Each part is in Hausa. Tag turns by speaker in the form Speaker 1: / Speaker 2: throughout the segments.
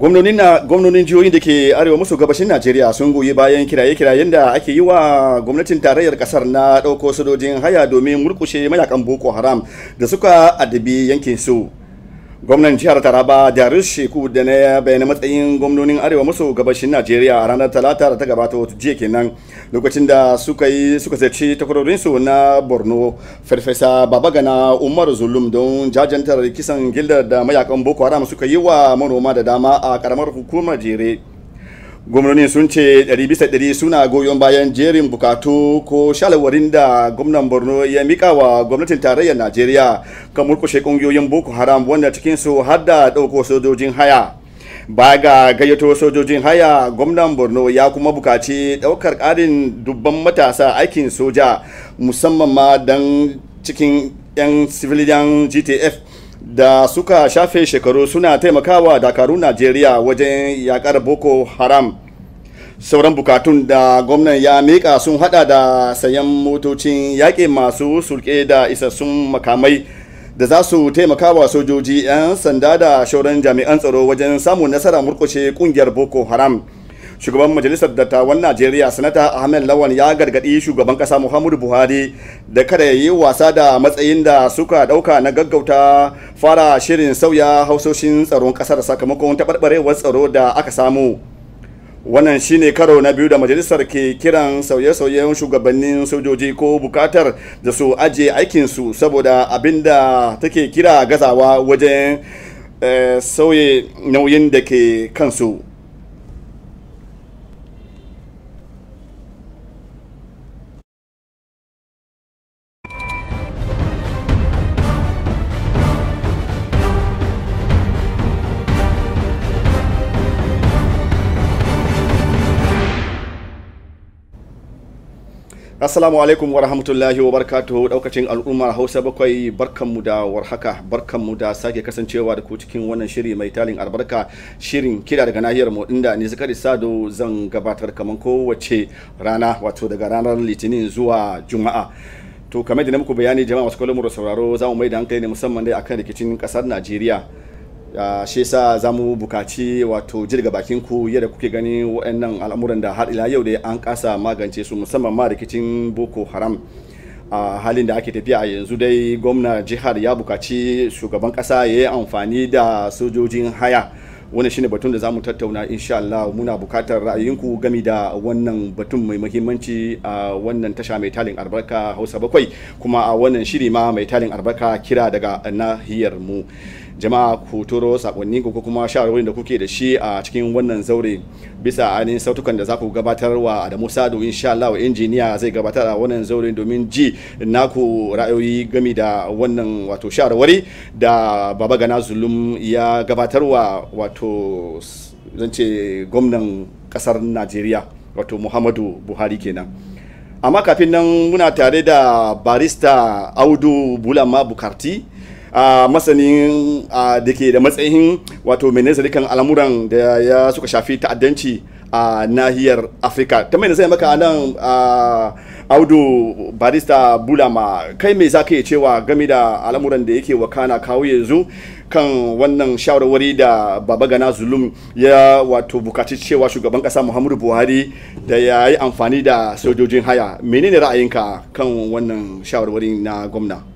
Speaker 1: gwamnonin jihohin da ke arewa maso gabashin najeriya sun goyi bayan kiraye-kirayen da ake yi wa gwamnatin tarayyar kasar na ɗauko sojojin haya domin murkushe mayakan boko haram da suka adabi yankin su gwamnan jihar taraba rishi sheku da na bayyana matsayin gwamnonin arewa maso gabashin najeriya a ranar talata da ta gabata wata jiya kenan lokacin da suka yi suka su takwarorinsu na borno farfesa gana umar zulum don jajantar kisan gildar da mayakan boko haram suka yi wa manoma da dama a karamar hukumar jere gwamnonin sun ce 100% suna goyon bayan jerin bukatu ko shalawarin da gwamnan borno ya mika wa gwamnatin tarayyar najeriya kan murkushe kungiyoyin boko haram wanda cikinsu har da ɗauko sojojin haya ba ga gayyato sojojin haya gwamnan borno ya kuma bukaci ɗaukar ƙarin dubban matasa aikin soja musamman ma don cikin 'yan civilian gtf da suka shafe shekaru suna taimakawa dakarun najeriya wajen yakar boko haram sauran bukatun da gwamnan ya mika sun hada da sayan motocin yaƙi masu sulke da isassun makamai da za su taimaka sojoji 'yan sanda da shauran jami'an tsaro wajen samun nasara murkushe ƙungiyar boko haram shugaban majalisar dattawan najeriya sanata ahmed lawan ya gargaɗi shugaban ƙasa muhammadu buhari da kada ya yi wasa da matsayin da suka ɗauka na gaggauta fara shirin sauya hausoshin tsaron ƙasar sakamakon taɓarɓarewar tsaro da aka samu wannan shine karo na biyu da majalisar ke kiran sauye-sauyen shugabannin sojoji ko bukatar da su ajiye aikinsu saboda abin da take kira gazawa wajen eh, sauye nauyin da ke kansu Assalamu alaikum wa rahmatullahi wa daukacin al'ummar Hausa bakwai barkanmu da warhaka barkanmu da sake kasancewa da ku cikin wannan shiri mai talin albarka shirin kira daga nahiyar mu inda ni zakari sado zan gabatar kaman kowace rana wato daga ranar litinin zuwa juma'a to kamar da na muku bayani jama'a wasu kallon mu da sauraro za mu mai da hankali ne musamman dai akan rikicin kasar Najeriya Uh, shi yasa za mu bukaci wato jirga bakin ku yadda kuke gani wa'annan al'amuran da har ila yau da an kasa magance su musamman ma rikicin boko haram a halin da ake tafiya a yanzu dai gwamna jihar ya bukaci shugaban kasa ya yi amfani da sojojin haya wani shine batun da za mu tattauna insha Allah muna bukatar ra'ayinku gami da wannan batun mai muhimmanci a wannan tasha mai talin albarka hausa bakwai kuma a wannan shiri ma mai talin albarka kira daga nahiyar mu. jama'a ku turo sakonni ko kuma shawarwarin da kuke da shi a cikin wannan zaure bisa ainihin sautukan da za ku gabatar wa da Musa da insha Allah injiniya zai gabatar a wannan zaure domin ji naku ra'ayoyi gami da wannan wato shawarwari da Baba Gana Zulum ya gabatar wa wato zance gwamnan kasar Najeriya wato Muhammadu Buhari kenan. amma kafin nan muna tare da barista audu bulama bukarti a masanin da ke da matsayin wato mai kan al'amuran da ya suka shafi ta'addanci a nahiyar afirka ta mai nazari maka nan audu barista bulama kai me za ka yi cewa game da al'amuran da yake wakana kawo yanzu kan wannan shawarwari da baba gana zulum ya wato bukaci cewa shugaban kasa muhammadu buhari da ya yi amfani da sojojin haya menene ra'ayinka kan wannan shawarwari na gwamna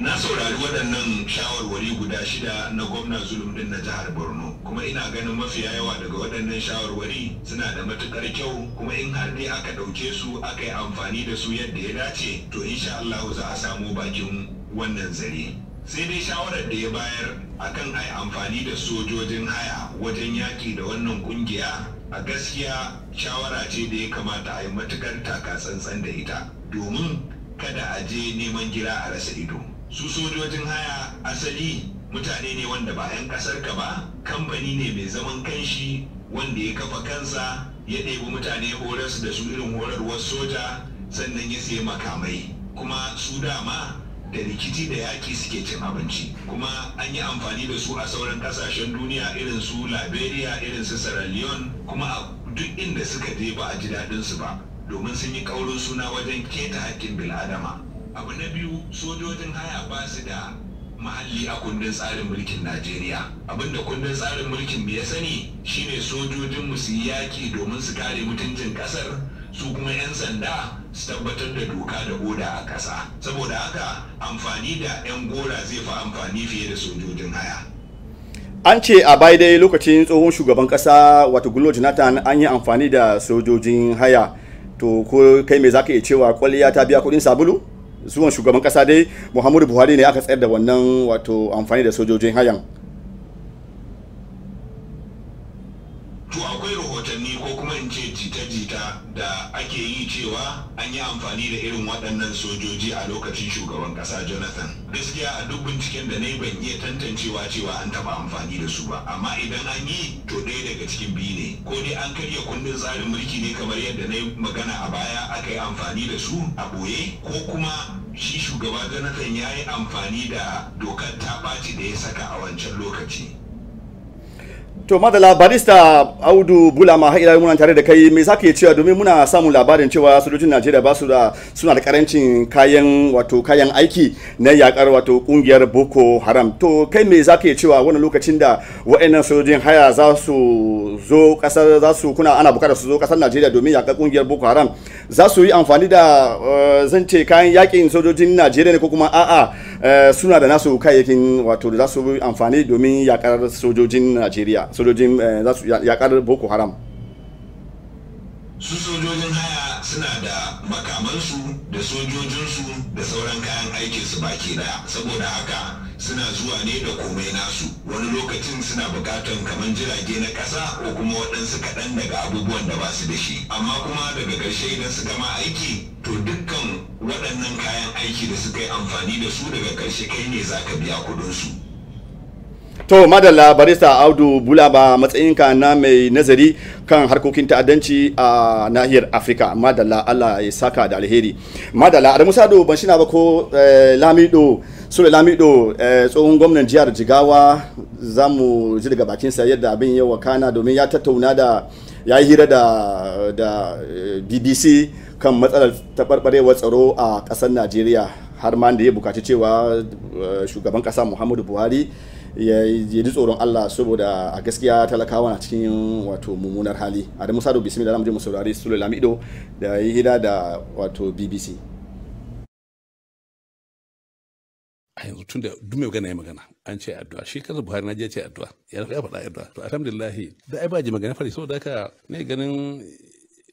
Speaker 1: na saurari waɗannan shawarwari guda shida na gwamna zulum
Speaker 2: din na jihar borno kuma ina ganin mafiya yawa daga waɗannan shawarwari suna da matuƙar kyau kuma in har dai aka ɗauke su aka yi amfani da su yadda ya dace to insha Allah za a samu bakin wannan zare sai dai shawarar da ya bayar akan a yi amfani da sojojin haya wajen yaƙi da wannan ƙungiya a gaskiya shawara ce da ya kamata a yi matuƙar taka tsantsan da ita domin kada a je neman gira a rasa ido su sojojin haya asali mutane ne wanda ba 'yan kasar ka ba Kamfani ne mai zaman kanshi wanda ya kafa kansa ya ɗebi mutane horarsu da su irin horarwar soja sannan ya sayi makamai kuma su dama da rikici da yaƙi suke cin abinci kuma an yi amfani da su a sauran ƙasashen duniya irin su liberia irin su sierra leone kuma a duk inda suka je ba a ji daɗinsu ba domin sun yi ƙaurin suna wajen keta haƙƙin bil'adama abu na biyu sojojin haya ba su da mahalli a kundin tsarin mulkin najeriya abinda kundin tsarin mulkin ya sani shine sojojin mu su yi yaki domin su kare mutuncin kasar su kuma 'yan sanda su tabbatar da doka da oda a ƙasa saboda haka amfani da 'yan gora zai fi amfani fiye da sojojin haya
Speaker 1: an ce a bai dai lokacin tsohon shugaban kasa wato gullo jonathan an yi amfani da sojojin haya to ko kai me zaka iya cewa kwalliya ta biya kudin sabulu zuwan shugaban kasa dai muhammadu buhari ne aka tsayar da wannan wato amfani da sojojin hayan ake yi cewa
Speaker 3: an yi amfani da irin waɗannan sojoji a lokacin shugaban ƙasa jonathan gaskiya a duk binciken da na yi ban iya tantancewa cewa an taɓa amfani da su
Speaker 2: ba amma idan an yi to ɗaya daga cikin biyu ne ko dai an karya kundin tsarin mulki ne kamar yadda na yi magana a baya aka yi amfani da su a ɓoye ko kuma shi shugaba jonathan ya
Speaker 1: yi amfani da dokar ta ɓaci da ya saka a wancan lokaci to madala barista audu bulama har ila muna tare da kai me zaka iya cewa domin muna samun labarin cewa sojojin najeriya ba su da suna da karancin kayan wato kayan aiki na yakar wato kungiyar boko haram to kai me zaka iya cewa wannan lokacin da wa'annan sojojin haya za su zo kasar za su kuna ana bukatar su zo kasar najeriya domin yakar kungiyar boko haram za su yi amfani da eh, zan ce kayan yakin sojojin najeriya ne ko kuma a'a eh, suna da nasu kayayyakin wato da za su yi amfani domin yakar sojojin najeriya sojojin eh, za su yakar boko haram
Speaker 2: su sojojin haya suna da makamansu da sojojinsu da sauran kayan
Speaker 3: aikinsu baki daya saboda haka suna zuwa ne da komai nasu wani lokacin suna
Speaker 2: bukatan kamar jirage na ƙasa ko kuma waɗansu kaɗan daga abubuwan da basu da shi amma kuma
Speaker 3: daga ƙarshe idan su gama aiki to dukkan waɗannan kayan aiki da suka yi
Speaker 2: amfani da su daga ƙarshe kai ne zaka ka biya kuɗinsu
Speaker 1: to madalla barista audu bulaba matsayinka na mai nazari kan harkokin ta'addanci a nahiyar afirka madalla allah ya saka da alheri madalla adamu sado ban shina ba ko eh, lamido sule lamido eh, tsohon gwamnan jihar jigawa za mu ji daga bakinsa yadda abin ya kana domin ya tattauna da ya yi hira da eh, bbc kan matsalar taɓarɓarewar tsaro a ƙasar najeriya har ma da ya bukaci cewa shugaban ƙasa muhammadu buhari ya ji tsoron Allah saboda a gaskiya talakawa na cikin wato mummunar hali Adamu Sado bismillah zamu je mu saurari Sule Lamido da yi hida da wato BBC
Speaker 4: a yanzu tun da duk mai magana ya magana an ce addu'a shi kansa Buhari na je ce addu'a ya ya faɗa addu'a to alhamdulillah da ai ba ji magana fari saboda haka ne ganin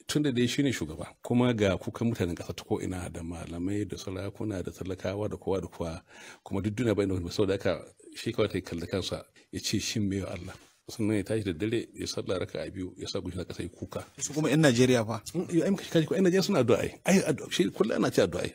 Speaker 4: tun da dai shine shugaba kuma ga kukan mutanen ƙasa ta ko'ina da malamai da sarakuna da talakawa da kowa da kowa kuma duk duniya bayan da saboda haka shi kawai ta kalli kansa ya ce shin me Allah sannan ya tashi da dare ya sa raka a biyu ya sa na kasa ya kuka su kuma yan Najeriya fa ai kaji ko yan Najeriya suna addu'a ai shi kullum ana ci addu'a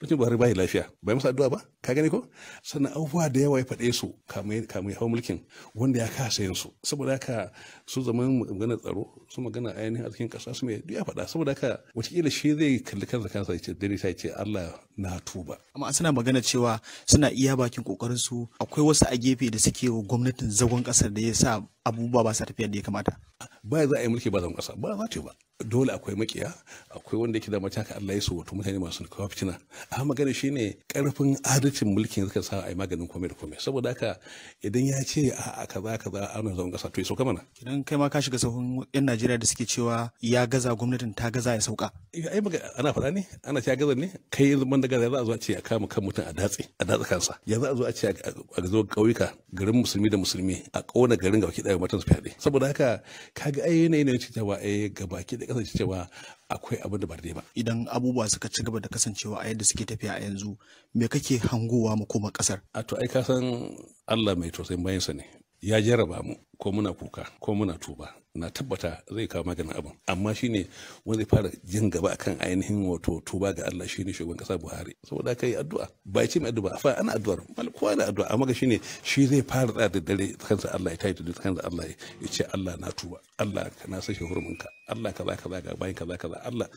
Speaker 4: lokacin buhari bai lafiya bai masa addu'a ba ka gani ko sannan abubuwa da yawa ya faɗe su kamar ya hau mulkin wanda ya kasa yin su saboda haka su zama magana tsaro su magana ainihin arzikin ƙasa su mai ya faɗa saboda haka wataƙila shi zai kalli kansa kansa ya ce dare ta ce Allah na tuba amma suna
Speaker 5: magana cewa suna iya bakin kokarin su akwai wasu a gefe da suke wa gwamnatin zagon ƙasar da ya
Speaker 4: sa abubuwa ba sa tafiya da ya kamata ba za a yi mulki ba zagon ƙasa ba za ta yi ba dole akwai makiya akwai wanda yake da mace haka Allah ya so wato mutane masu kawo fitina a magana shine karfin adalcin mulkin suka sa ai maganin komai da komai saboda haka idan ya ce a kaza kaza ana zaun kasa to ya sauka mana idan kai
Speaker 5: ma ka shiga sahun yan Najeriya da suke cewa
Speaker 4: ya gaza gwamnatin
Speaker 5: ta gaza ya sauka
Speaker 4: eh, ai ana faɗa ne ana ce ya gaza ne kai yanzu da daga za a zo a ce a kama kan mutum a datse a datse kansa ya za a zo a ce a zo kauyuka garin musulmi da musulmi a ƙona garin ki ɗaya matan su fyaɗe saboda haka kaga ai yanayin ne cewa eh, ai ki da kasance cewa akwai abin da ba ba idan abubuwa suka ci gaba da kasancewa a yadda suke tafiya a yanzu me
Speaker 5: kake hangowa mu koma kasar
Speaker 4: a to ai ka san Allah mai tausayin bayansa ne ya jarraba mu ko muna kuka ko muna tuba na tabbata zai kawo maganin abu amma shine wanda zai fara jin gaba akan ainihin wato tuba ga Allah shine shugaban kasa Buhari saboda aka yi addu'a ba ya ce mai addu'a fa ana addu'ar mal kowa na addu'a amma ga shine shi zai fara da daddare kansa Allah ya tayi da kansa Allah ya ce Allah na tuba Allah ka na sashe hurminka Allah ka kaza ga bayan ka kaza Allah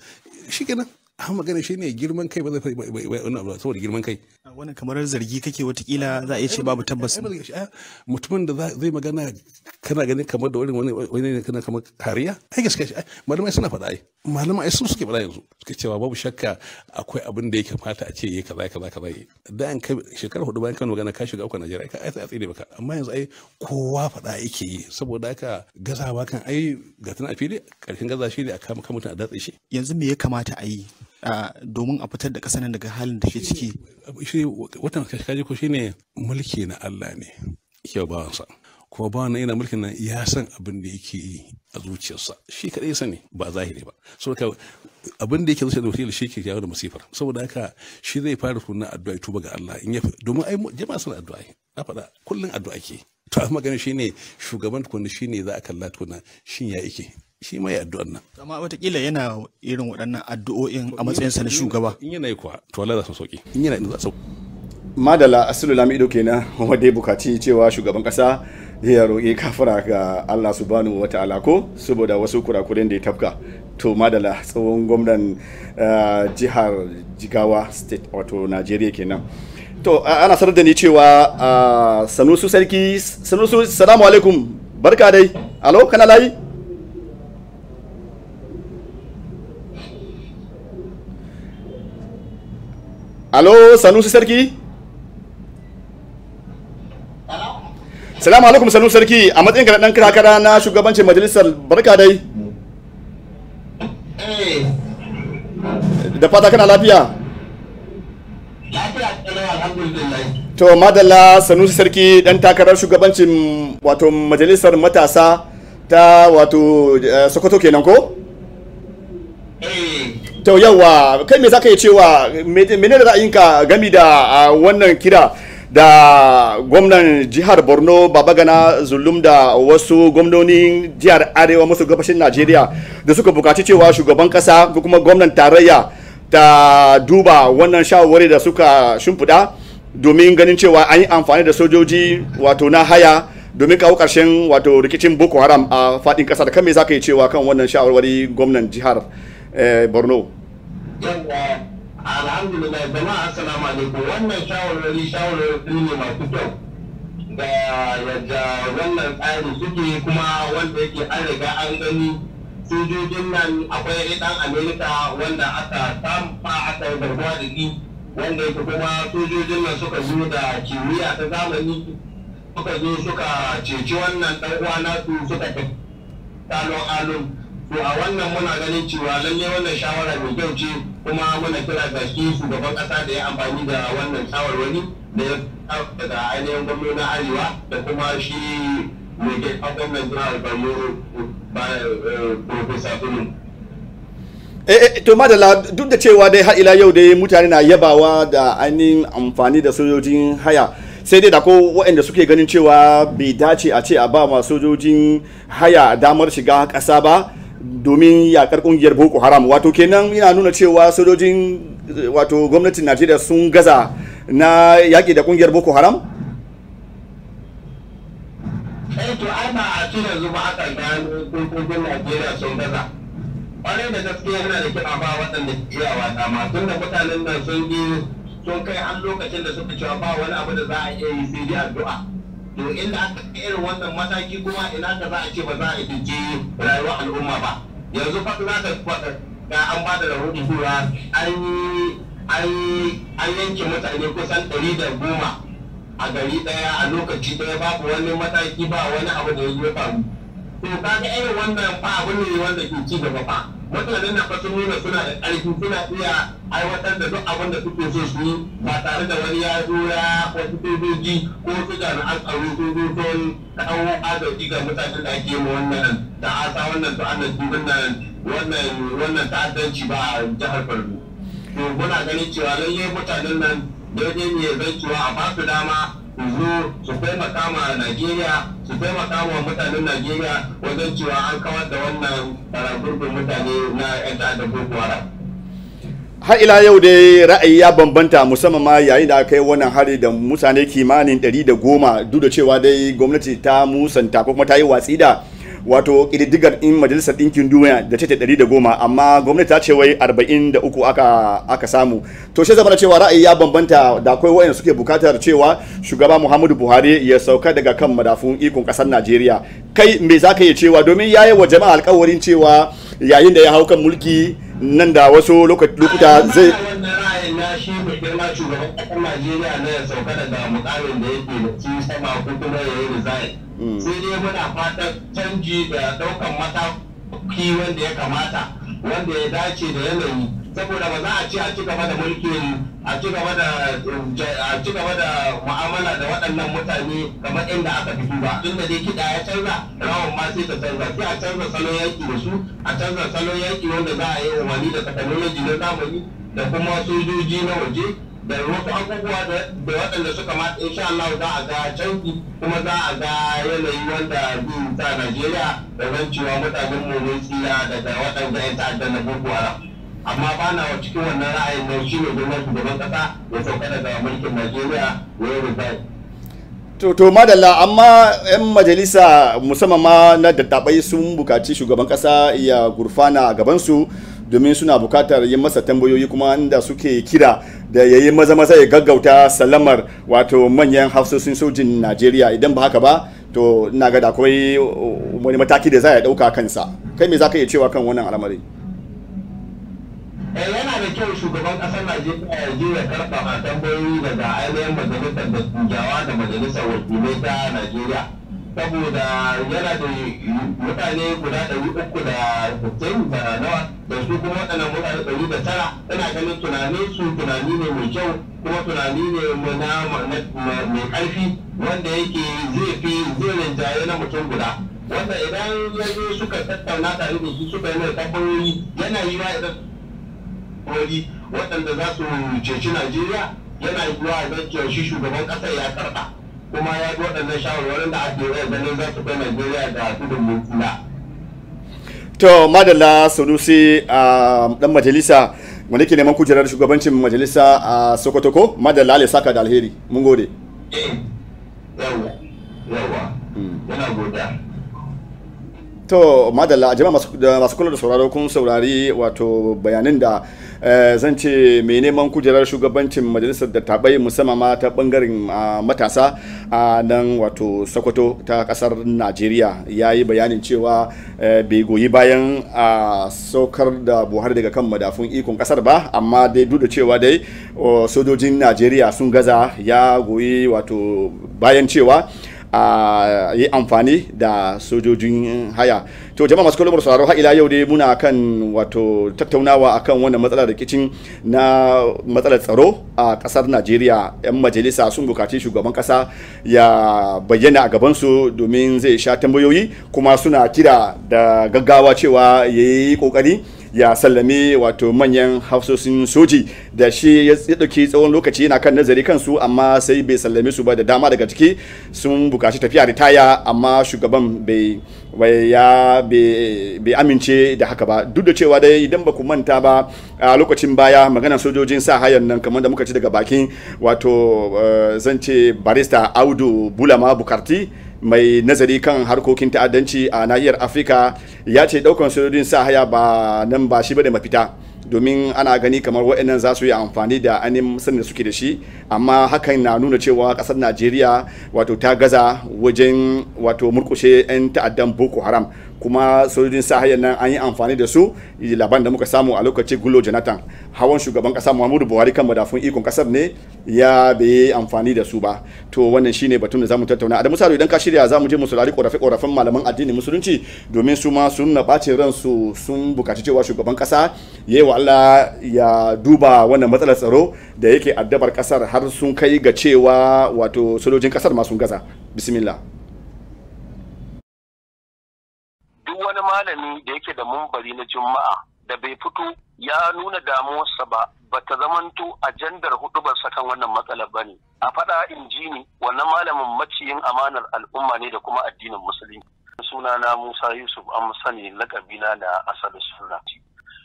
Speaker 4: shikenan an magana shi ne girman kai ba zai wani abu saboda girman kai wannan kamar zargi kake watakila za a iya ce babu tabbas mutumin da zai magana kana ganin kamar da wani wani ne kana kamar kariya ai gaske shi malamai suna faɗa ai malamai ai su suke faɗa yanzu suke cewa babu shakka akwai abin da ya kamata a ce yi kaza kaza kaza yi da an kai shekara hudu bayan kan magana ka shiga uku Najeriya ka ai sai a tsire baka amma yanzu ai kowa faɗa yake yi saboda haka gazawa kan ai ga tana a fili karshen gaza shi ne a kama mutum a datse shi
Speaker 5: yanzu me ya kamata a yi domin a fitar da ƙasa nan daga halin da ke ciki.
Speaker 4: Shi watan kaji ko shi ne. mulki na Allah ne yau bawansa. Kuma bawan nan yana mulkin nan ya san abin da yake yi a zuciyarsa shi kaɗai sani ba zahiri ba. Saboda abin da yake zuciya da wakili shi ke jawo da masifar saboda haka shi zai fara kunna addu'a tuba ga Allah in domin ai jama'a suna addu'a na faɗa kullum addu'a ke. to amma magana shine shugaban tukunna shine za a kalla tukunna shin ya yake shi ma ya addu'an nan
Speaker 6: amma watakila yana irin waɗannan addu'o'in a matsayinsa na shugaba in yana yi kuwa
Speaker 4: to Allah za su sauki in yana za su
Speaker 1: madala asulu ido kenan wanda ya bukaci cewa shugaban kasa ya roƙi kafara ga Allah subhanahu wa ta'ala ko saboda wasu kurakuren da ya tafka to madala tsohon gwamnan eh, jihar jigawa state wato najeriya kenan to ana sanar da ni cewa a sanusu sarki sanusu salamu alaikum barka dai alo kana layi alo sanusu sarki salamu alaikum sanusu sarki a matsayin ka dan kakara na shugabancin majalisar barka dai eh. da fata kana lafiya to madalla sanusi sarki dan takarar shugabancin wato majalisar matasa ta wato eh, sokoto kenan ko eh. to yawa kai me zaka yi cewa menene ra'ayinka gami da wannan kira da gwamnan jihar borno babagana zulum da wasu gwamnonin jihar arewa maso gabashin najeriya da suka bukaci cewa shugaban kasa ko kuma gwamnan tarayya ta duba wannan shawarwari da suka shimfiɗa domin ganin cewa an yi amfani da sojoji wato na haya domin kawo ƙarshen wato rikicin boko haram a faɗin ƙasa da kame za ka yi cewa kan wannan shawarwari gwamnan jihar eh, borno alhamdulillah jama'a assalamu alaikum wannan shawarwari
Speaker 7: shawarwari ne masu kyau da yadda wannan tsari suke kuma wanda yake an riga an gani sojojin nan akwai ɗan amerika wanda aka samfa aka yi barbuwa da ni wanda yake kuma sojojin nan suka zo da kimiyya ta zamani suka zo suka ceci wannan dan
Speaker 8: uwa nasu suka tafi talon alon to a wannan muna ganin cewa lalle wannan shawara mai kyau ce kuma muna kira ga shi shugaban ƙasa da ya amfani da wannan
Speaker 7: shawarwari da ya daga ainihin na arewa da kuma shi
Speaker 9: mai e, profesa
Speaker 1: eh, eh, to madalla duk da cewa dai har ila yau dai mutane na yabawa da ainihin amfani da sojojin haya sai dai da ko waɗanda suke ganin cewa bai dace a ce a ba sojojin haya damar shiga ƙasa ba domin yakar ƙungiyar boko haram wato kenan yana nuna cewa sojojin wato gwamnatin najeriya sun gaza na yaƙi da ƙungiyar boko haram
Speaker 7: eh to ai a ci yanzu ba aka gano dokokin Najeriya sun gaza da gaskiya yana da kiɗa ba waɗanda iyawa ta ma tun da mutanen nan sun yi sun kai an lokacin da suka cewa ba wani abu da za a iya yi sai dai addu'a to inda aka kai irin wannan mataki kuma ina ka za a ce ba za a dinki rayuwar al'umma ba yanzu fa za ka ga an ba da rahoto cewa an yi an yanke mutane kusan ɗari da goma a gari daya a lokaci daya babu wani mataki ba wani abu da ya faru to ga irin wannan fa abu ne wanda ke ci gaba fa mutanen na fasu nuna suna da ƙarfi suna iya aiwatar da duk abin da suke so su yi ba tare da wani ya zura wasu sojoji ko su jami'an tsaro sun zo sun kawo agaji ga mutanen da ake ma wannan da asa wannan an annan wannan wannan ta'addanci ba a jihar Borno to muna ganin cewa lalle mutanen nan daidai ne zai cewa a basu dama su zo su taimaka ma Najeriya su taimaka wa mutanen Najeriya wajen cewa an kawar da wannan gurbin mutane na 'yan ta'adda Boko Haram.
Speaker 1: har ila yau dai ra'ayi ya bambanta musamman ma yayin da aka yi wannan hari da mutane kimanin 110 duk da cewa dai gwamnati ta musanta ko kuma ta yi watsi da wato kididdigar in majalisar ɗinkin duniya da ce ɗari da goma amma gwamnati ta ce wai arba'in da uku aka, samu to shi zama cewa ra'ayi ya bambanta da akwai wayanda suke bukatar cewa shugaba muhammadu buhari ya sauka daga kan madafun ikon ƙasar najeriya kai me za ka iya cewa domin ya yi wa jama'a alkawarin cewa yayin da ya hau kan mulki nan da wasu lokuta zai shugaban ƙasar
Speaker 7: najeriya na ya sauka daga mukamin da yake da ci sama ko kuma ya yi Mm. sai dai muna fatan canji da ɗaukan mataki wanda ya kamata wanda ya dace da yanayi saboda ba za a ce a ci gaba da mulkin a ci gaba da a ci gaba da mu'amala da waɗannan mutane kamar inda aka fito ba tun da dai kiɗa ya canza rawan ma sai ta canza sai a canza salon yaƙi da su a canza salon yaƙi wanda za a yi umarni da technology na zamani da kuma sojoji na waje da wasu abubuwa da waɗanda suka mata insha Allah za a ga canji kuma za a ga yanayi wanda zai sa Najeriya da zan cewa mutanen mu ne tsira daga waɗanda ya ta'adda na bubuwa amma ba na cikin wannan ra'ayin nan shi ne domin shugaban kasa ya sauka daga mulkin Najeriya ya yi rubai.
Speaker 1: To, to madalla amma 'yan majalisa musamman ma na dattabai sun bukaci shugaban ƙasa ya gurfana a gabansu domin suna bukatar yin masa tambayoyi kuma inda suke kira da ya yi maza maza ya gaggauta salamar wato manyan hafsoshin sojin najeriya idan ba haka ba to ina ga da akwai uh, wani mataki da za ya dauka kansa kai me za ka iya cewa kan wannan al'amari
Speaker 7: eh, yana da kyau shugaban kasar najeriya ya je ya karfafa tambayoyi daga ainihin
Speaker 10: majalisar da da majalisar wakilai ta najeriya
Speaker 7: saboda yana da mutane guda ɗari uku da sittin da nawa da su kuma waɗannan mutane ɗari da tara ina ganin tunanin su tunani ne mai kyau kuma tunani ne na mai ƙarfi wanda yake zai fi zai rinjaye na mutum guda wanda idan ya zo suka tattauna tare da shi suka yi mai tabbarori yana yi wa idan wani waɗanda za su ceci najeriya yana yi wa idan shi shugaban ƙasa ya karɓa kuma ya bi waɗannan shawarwarin da ake yi ganin za su kai Najeriya da tudun mutuna.
Speaker 1: To Madalla Sanusi a ɗan majalisa wanda ke neman kujerar shugabancin majalisa a Sokoto ko Madalla Ali Saka da Alheri mun gode. Eh, Yawwa yana hmm. To Madalla a jama'a masu kula da sauraro kun saurari wato bayanin da Eh, zan ce mai neman kujerar shugabancin majalisar da taɓai musamman ma ta ɓangaren ah, matasa a nan wato sokoto ta ƙasar najeriya ya yi bayanin cewa eh, bai goyi bayan a saukar da buhari daga kan madafun ikon ƙasar ba amma dai duk da cewa dai sojojin najeriya sun gaza ya goyi wato bayan cewa a yi amfani da sojojin haya to jama'a masu kallon sauraro har ila yau dai muna kan wato tattaunawa akan wannan matsalar rikicin na matsalar tsaro a kasar Najeriya yan majalisa sun bukaci shugaban kasa ya bayyana a gaban su domin zai sha tambayoyi kuma suna kira da gaggawa cewa ya yi kokari ya sallame wato manyan hafsoshin soji da shi ya ɗauki tsawon lokaci yana kan nazari kansu amma sai bai sallame su ba da dama daga ciki sun bukaci tafiya ritaya amma shugaban bai ya bai amince da haka ba duk da cewa dai idan ba ku manta ba a lokacin baya magana sojojin sa hayan nan kamar da muka ci daga bakin wato eh, zan ce barista audu bulama bukarti mai nazari kan harkokin ta'addanci a nahiyar afirka ya ce daukan sojojin sa haya ba nan ba shi bane mafita domin ana gani kamar waɗannan za su yi amfani da ainihin sanin da suke da shi amma hakan na nuna cewa ƙasar najeriya wato ta gaza wajen wato murkushe 'yan ta'addan boko haram kuma sojojin sahaya nan an yi amfani da su laban da muka samu a lokaci gulo jonathan hawan shugaban kasa muhammadu buhari kan madafun ikon kasar ne ya bai amfani da su ba to wannan shine batun da zamu tattauna adamu sadu idan ka shirya zamu je mu korafe korafen malaman addinin musulunci domin su ma sun na bacin ransu sun bukaci cewa shugaban kasa ya wa Allah ya duba wannan matsalar tsaro da yake addabar kasar har sun kai ga cewa wato sojojin kasar ma sun gaza bismillah
Speaker 9: malami da yake da mumbari na juma'a da bai fito ya nuna damuwarsa ba ba ta zamanto ajandar hudu ba sakan wannan matsalar ba ne a faɗa injini wannan malamin maciyin amanar al'umma ne da kuma addinin musulmi sunana musa yusuf an sani lakabina da asalin sunna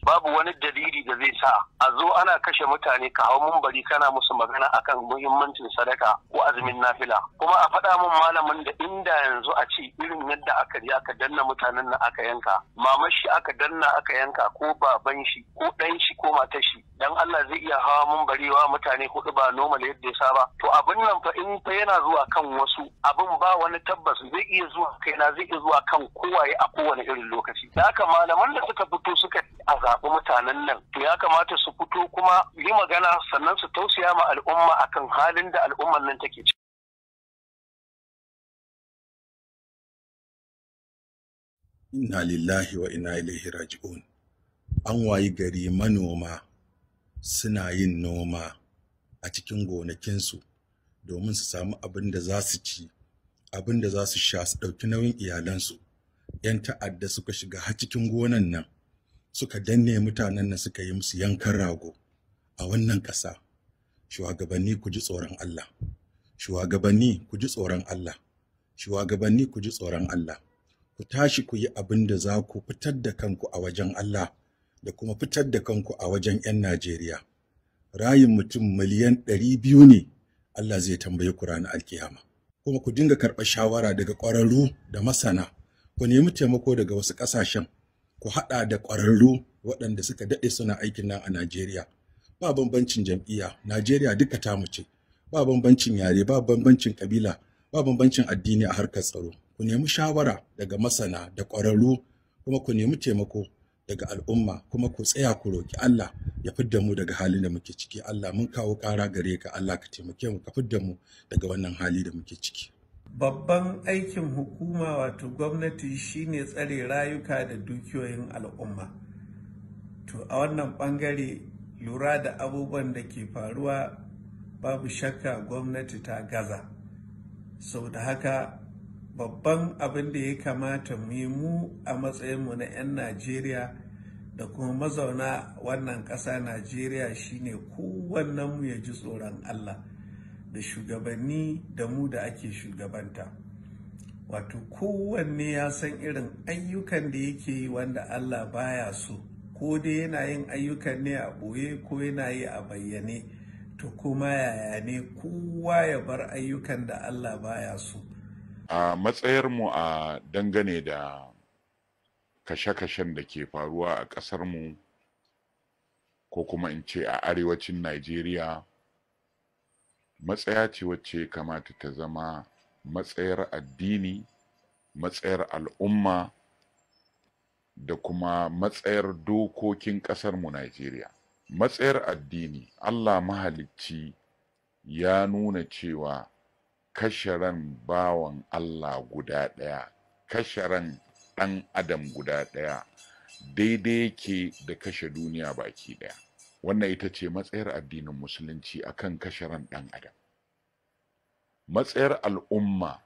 Speaker 9: babu wani dalili da zai sa a zo ana kashe mutane ka hau mumbari kana musu magana akan muhimmancin sadaka ko azumin nafila kuma a faɗa min malamin da inda yanzu a ce irin yadda aka je aka danna mutanen na aka yanka mamashi shi aka danna aka yanka ko baban shi ko ɗan shi ko matar shi dan Allah zai iya hawa mun barewa mutane hudu ba normal yadda ya saba to abin nan fa in fa yana zuwa kan wasu abin ba wani tabbas zai iya zuwa kaina zai iya zuwa kan kowaye a kowane irin lokaci da haka malaman da suka fito suka a zaɓi mutanen nan to ya kamata su fito kuma yi magana sannan su tausaya ma al'umma akan halin da
Speaker 5: al'umman nan take ciki
Speaker 6: Inna lillahi wa inna ilaihi raji'un. An wayi gari manoma suna yin noma a cikin gonakinsu domin su samu abin da za su ci abin da za su sha su ɗauki nauyin iyalansu 'yan ta'adda suka shiga har cikin gonan nan suka danne mutanen nan suka yi musu yankan rago a wannan ƙasa shugabanni ku ji tsoron Allah shugabanni ku ji tsoron Allah shugabanni ku ji tsoron Allah ku tashi ku yi abin da za ku fitar da kanku a wajen Allah da kuma fitar da kanku a wajen 'yan Najeriya. Rayin mutum miliyan ɗari biyu ne Allah zai tambayi ku ranar alkiyama. Kuma ku dinga karɓar shawara daga ƙwararru da masana, ku nemi taimako daga wasu ƙasashen, ku haɗa da ƙwararru waɗanda suka daɗe suna aikin nan a Najeriya. Ba bambancin jam'iyya, Najeriya duka mu ce. Ba bambancin yare, ba bambancin ƙabila, ba bambancin addini a harkar tsaro. Ku nemi shawara daga masana da ƙwararru kuma ku nemi taimako daga al'umma kuma ku tsaya ku roki Allah ya fidda mu daga halin da muke ciki Allah mun kawo ƙara gare ka Allah ka taimake mu ka fidda mu daga wannan hali da muke ciki
Speaker 4: babban aikin hukuma wato gwamnati shine tsare rayuka da dukiyoyin al'umma to a wannan bangare lura da abubuwan da ke faruwa babu shakka gwamnati ta gaza sau da haka babban abin da ya kamata mu yi mu a matsayinmu na 'yan najeriya da kuma mazauna wannan ƙasa najeriya shine kowanne mu ya ji tsoron allah da shugabanni da mu da ake shugabanta wato kowanne ya san irin ayyukan da yake yi wanda allah baya so ko dai yana yin ayyukan ne a ɓoye ko yana yi a bayyane to kuma yaya ne kowa
Speaker 2: ya bar ayyukan da allah baya so
Speaker 10: a matsayarmu a dangane da kashe-kashen da ke faruwa a ƙasarmu ko kuma in ce a arewacin Najeriya matsaya ce wacce kamata ta zama matsayar addini matsayar al'umma da kuma matsayar dokokin ƙasarmu Najeriya. Matsayar addini Allah mahalicci ya nuna cewa kashe ran bawan Allah guda ɗaya kashe ran ɗan adam guda ɗaya daidai yake da kashe duniya baki ɗaya wannan ita ce matsayar addinin musulunci akan kashe ran ɗan adam matsayar al'umma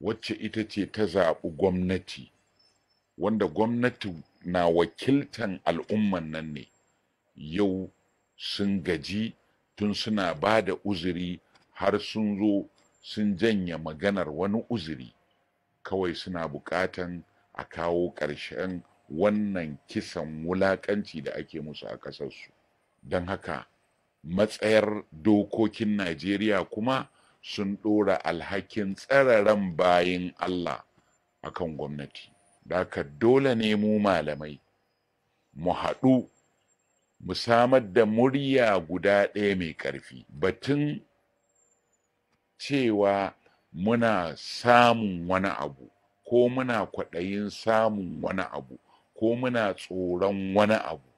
Speaker 10: wacce ita ce ta zaɓi gwamnati wanda gwamnati na wakiltan al'umman nan ne yau sun gaji tun suna ba da uzuri har sun zo sun janye maganar wani uzuri kawai suna buƙatan a kawo ƙarshen wannan kisan wulaƙanci da ake musu a ƙasarsu don haka matsayar dokokin najeriya kuma sun ɗora alhakin tsararan bayan allah a kan gwamnati Daka dole ne mu malamai mu haɗu mu samar da murya guda ɗaya mai ƙarfi batun cewa muna samun wani abu ko muna kwaɗayin samun wani abu ko muna tsoron wani abu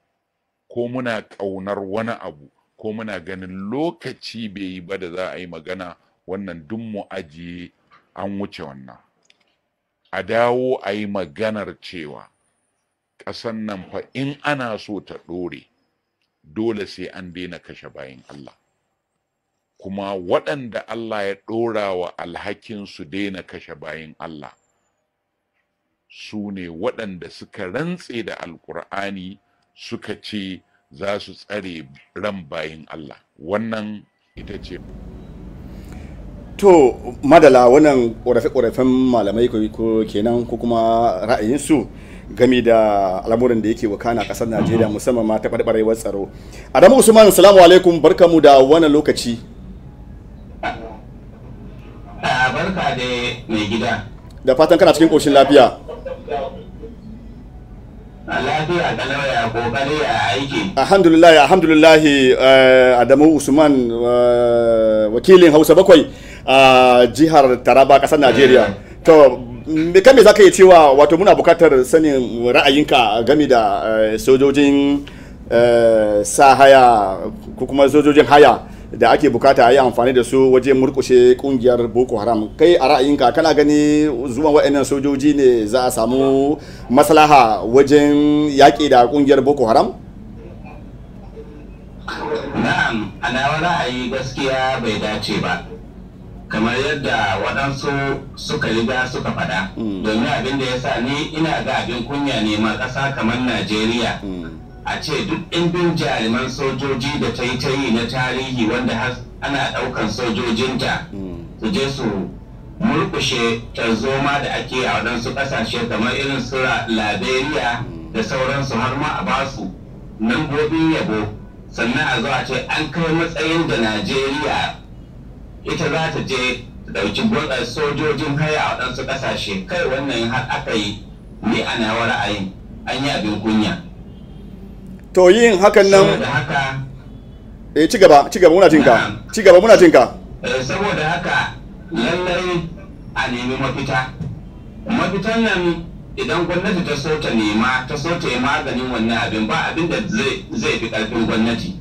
Speaker 10: ko muna ƙaunar wani abu ko muna ganin lokaci bai yi ba da za a yi magana wannan duk mu ajiye an wuce wannan a dawo a yi maganar cewa ƙasan nan fa in ana so ta ɗore dole sai an daina kashe bayan Allah kuma waɗanda Allah ya ɗora wa alhakin su daina kashe bayin Allah su ne waɗanda suka rantse da alƙur'ani suka ce za su tsare ran bayin Allah wannan ita ce
Speaker 1: to madala wannan ƙorafe-ƙorafen malamai ko kenan ko kuma ra'ayinsu Gami da al'amuran da yake wakana a ƙasar najeriya musamman ma ta ɓarɓarewar tsaro adamu usman salamu alaikum barkamu da wannan lokaci a barka da mai gida da fatan kana cikin koshin lafiya alhamdulillahi alhamdulillahi eh, adamu usman eh, wakilin hausa bakwai a jihar taraba kasar najeriya eh. to me za ka yi cewa wato muna bukatar sanin ra'ayinka game da sojojin sa haya ko kuma sojojin haya da ake bukata a yi amfani da su waje murkushe kungiyar boko haram kai a ra'ayinka kana gani zuwan wa'annan sojoji ne za a samu maslaha wajen yaƙi da kungiyar boko haram
Speaker 7: na'am a nawa ra'ayi gaskiya bai dace ba kamar yadda waɗansu suka riga suka faɗa hmm. domin abin da ya sa ni ina ga abin kunya ne ma ƙasa kamar najeriya hmm. a ce duk ɗimbin jaruman sojoji da ta yi ta yi na tarihi wanda ana ɗaukan sojojinta su je su murkushe tarzoma da ake a waɗansu ƙasashe kamar irin su liberia da sauransu har ma a basu gobe yabo sannan a zuwa a ce an kai matsayin da najeriya ita za ta je ta ɗauki burɗar sojojin haya a waɗansu ƙasashe kai wannan har aka yi ne ana wa ra'ayin an yi abin kunya
Speaker 1: to yin hakan nan e, ci gaba ci gaba muna jinka ci gaba muna jinka
Speaker 7: eh, saboda haka lallai a nemi mafita mafitan nan idan gwamnati ta so ta nema ta so ta yi maganin wannan abin ba abin da zai fi karfin gwamnati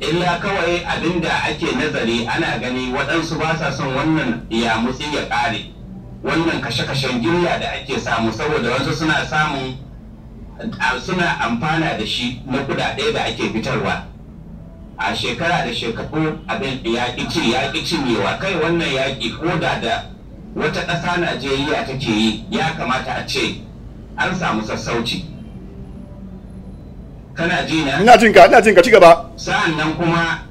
Speaker 7: illa kawai abin da ake nazari ana gani waɗansu ba sa son wannan ya mutsi ya ƙare wannan kashe-kashen girya da ake samu saboda wasu suna samun suna amfana da shi na kudade da ake fitarwa a shekara da shekaru abin ya ƙi ya ƙi cinyewa kai wannan yaƙi ko da da wata ƙasa najeriya take yi ya kamata a ce an samu sassauci kana ji na ina ka. ina jinka ci gaba sa'an nan kuma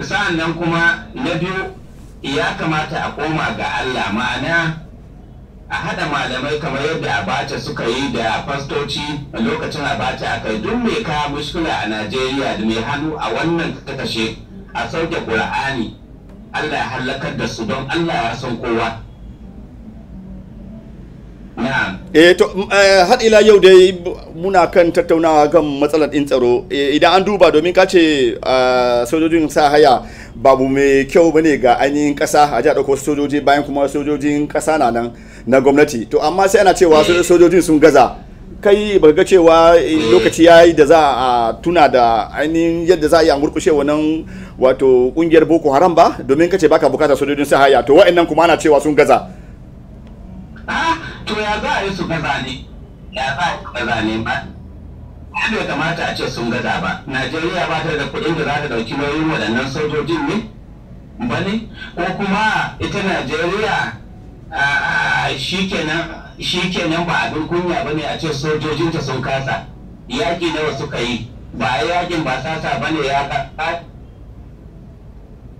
Speaker 7: sa'an nan kuma na biyu ya kamata a koma ga Allah ma'ana a haɗa malamai kamar yadda abacha suka yi da fastoci a lokacin abacha aka kai duk mai kawo muskula a najeriya da mai hannu a wannan ta kashe a sauke qur'ani allah ya halakar da su don allah ya san kowa
Speaker 1: eh to mm, eh, har ila yau dai muna kan tattaunawa kan matsalar ɗin tsaro eh, idan an duba domin ka ce ah, sojojin sa haya babu mai kyau bane ga ainihin ƙasa a ji a ɗauko sojoji bayan kuma sojojin ƙasa na nan na gwamnati to amma sai ana cewa sojojin sun gaza kai ba cewa eh, lokaci ya yi da za a tuna da ainihin yadda za a yi a murkushe wannan wato kungiyar boko haram ba domin kace baka bukatar sojojin sa haya to wa'annan kuma ana cewa sun gaza
Speaker 7: ah, to ya za a yi su gaza ne ya za a yi gaza ne ba bai kamata a ce sun gaza ba najeriya ba ta da kuɗin da za ta ɗauki nauyin waɗannan sojojin ne ba ne ko kuma ita najeriya shi kenan ba abin kunya ba ne a ce sojojinta sun kasa yaƙi nawa suka yi ba a yaƙin ba sasa ba ne ya kasa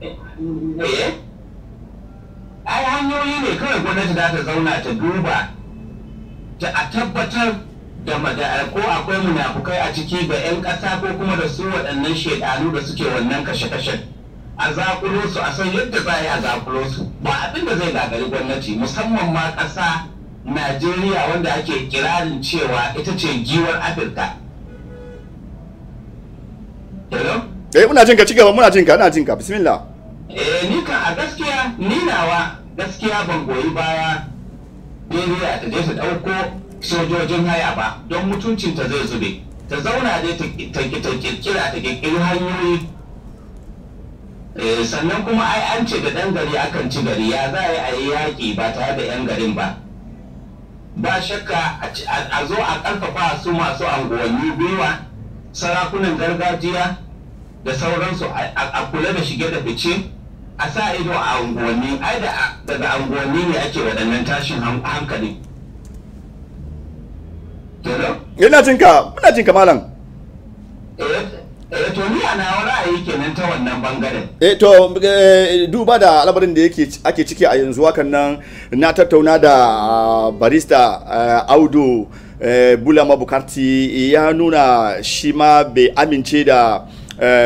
Speaker 7: eh? ai hanyoyi ne kawai gwamnati za ta zauna ta duba ta a tabbatar da ko akwai munafukai a ciki ga 'yan ƙasa ko kuma da su waɗannan shaidanu da suke wannan kashe-kashen a zakulo su a san yadda za a yi a zakulo su ba abin da zai gagari gwamnati musamman ma ƙasa najeriya wanda ake kirarin cewa ita ce giwar afirka
Speaker 1: eh muna jin ka ci gaba muna jin ka ina jin ka bismillah
Speaker 7: eh ni kan a gaskiya ninawa gaskiya ban goyi baya Najeriya ta je ta ɗauko sojojin haya ba don mutuncinta zai zube ta zauna dai ta kirkira ta kirkiri hanyoyi Eh, sannan kuma ai an ce da ɗan gari akan ci gari ya za a yi yaƙi ba tare da ƴan garin ba ba shakka a zo a ƙarfafa su masu anguwanni gwiwa sarakunan gargajiya da sauransu a kula da shige da fice a sa ido a unguwanni ai daga unguwanni ne ake waɗannan tashin hankali
Speaker 1: Ina jinka ina jinka malam
Speaker 7: eh Eh, to ni wannan bangaren
Speaker 1: eh, to eh, duba da al'amarin da yake ake ciki a yanzu hakan nan na tattauna da ah, barista audu bulama bukarti ya nuna shi ma bai amince da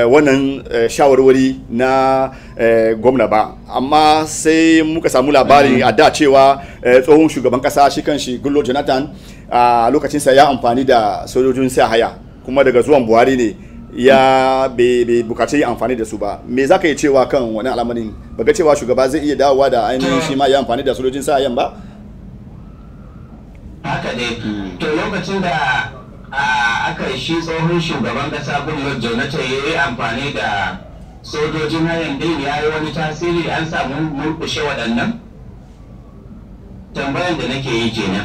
Speaker 1: wannan shawarwari na gwamna ba amma sai muka samu labari a da cewa tsohon shugaban kasa shi kan shi gullo jonathan a lokacinsa ya amfani da sojojin sa haya kuma daga zuwan buhari ne ya bai bukaci yi amfani da su ba me za ka yi cewa kan wani al'amarin ga cewa shugaba zai iya dawowa da ainihin shi ma ya amfani da sojojin sa yan ba
Speaker 7: haka ne to lokacin da aka yi shi tsohon shugaban kasa goodluck jonathan ya yi amfani da sojojin hayan din ya yi wani tasiri an
Speaker 1: samu murkushe waɗannan tambayan da nake yi kenan